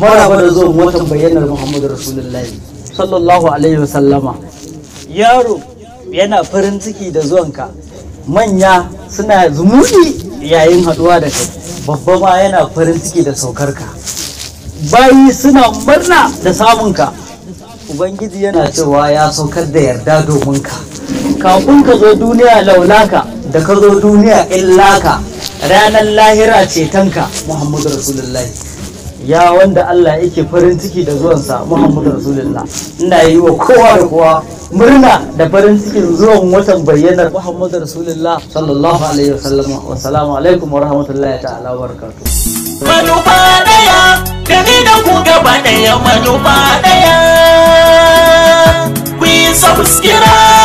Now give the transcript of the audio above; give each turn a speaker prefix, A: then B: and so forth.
A: maraba da zuwan watan bayyanar muhammadu rasulullahi sallallahu alaihi wasallama yaro yana farin ciki da zuwanka manya suna zumuni yayin haduwa da kai babba ma yana farin ciki da saukarka bayi suna murna da samunka ubangiji yana cewa ya saukar da yarda domin ka kafin ka zo duniya laulaka da ka zo duniya illaka ranar lahira tanka, muhammadu rasulullahi ya wanda Allah yake farin ciki da zuwansa Muhammadu Rasulullah ina yi wa kowa da kowa murna da farin cikin zuwan watan bayyanar Muhammadu Rasulullah sallallahu alaihi wasallam wa salamu alaikum wa rahmatullahi ta'ala wa barakatuh
B: manufa daya da da ku gaba daya manufa daya ku yi subscribe